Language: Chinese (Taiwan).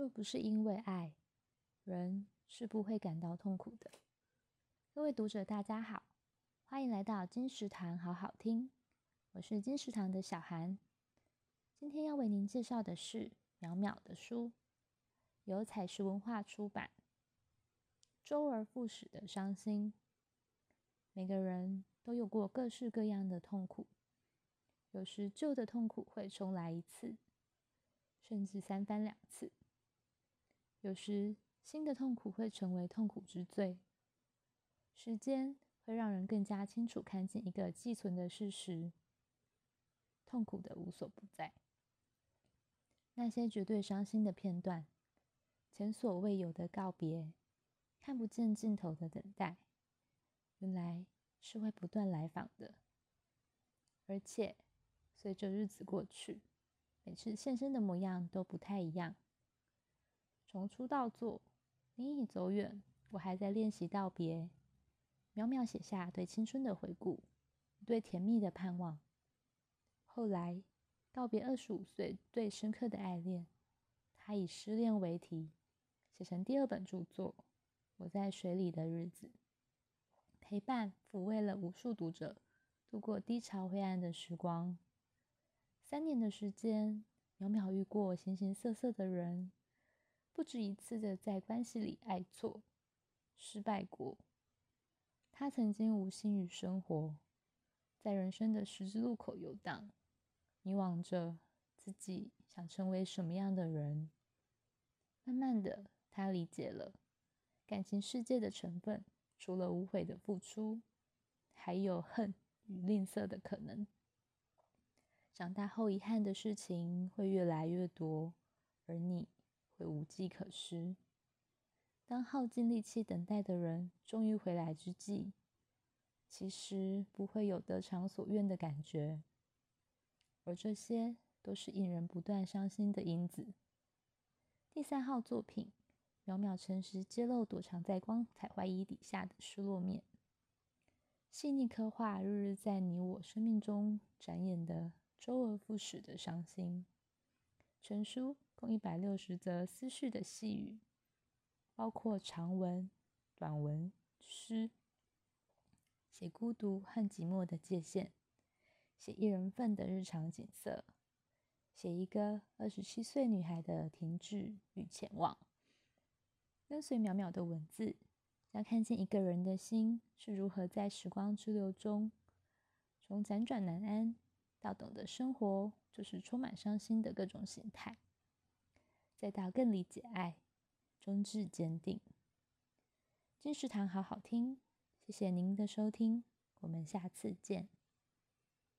若不是因為愛，人是不會感到痛苦的。各位讀者，大家好，歡迎來到金石堂好好聽，我是金石堂的小韓。今天要為您介紹的是渺渺的書，由采實文化出版。周而復始的傷心，每個人都有過各式各樣的痛苦，有時舊的痛苦會重來一次，甚至三番兩次。有時，新的痛苦會成為痛苦之最。時間會讓人更加清楚看見一個既存的事實：痛苦的無所不在。那些絕對傷心的片段，前所未有的告別，看不見盡頭的等待，原來是會不斷來訪的。而且，隨着日子過去，每次現身的模樣都不太一樣。從出道作，你已走遠，我還在練習道別。渺渺寫下對青春的回顧，對甜蜜的盼望。後來，告別二十五歲最深刻的愛戀，她以失戀為題，寫成第二本著作《我在水裡的日子》，陪伴撫慰了無數讀者度過低潮灰暗的時光。三年的時間，渺渺遇過形形色色的人。不止一次的在關係裡愛錯、失敗過，他曾經無心於生活，在人生的十字路口遊蕩，迷惘着自己想成為什麼樣的人。慢慢的，他理解了感情世界的成分，除了無悔的付出，還有恨與吝嗇的可能。長大後，遺憾的事情會越來越多，而你。無計可施。當耗盡力氣等待的人終於回來之際，其實不會有得償所願的感覺，而這些都是引人不斷傷心的因子。第三號作品，渺渺誠實揭露躲藏在光彩外衣底下的失落面，細膩刻畫日日在你我生命中展演的周而復始的傷心。全書。共一百六十則思緒的細語，包括長文、短文、詩，寫孤獨和寂寞的界限，寫一人份的日常景色，寫一個二十七歲女孩的停滯與前往。跟隨渺渺的文字，將看見一個人的心是如何在時光之流中，從輾轉難安到懂得生活，就是充滿傷心的各種形態，再到更理解愛，終至堅定。金石堂好好聽，謝謝您的收聽，我們下次見。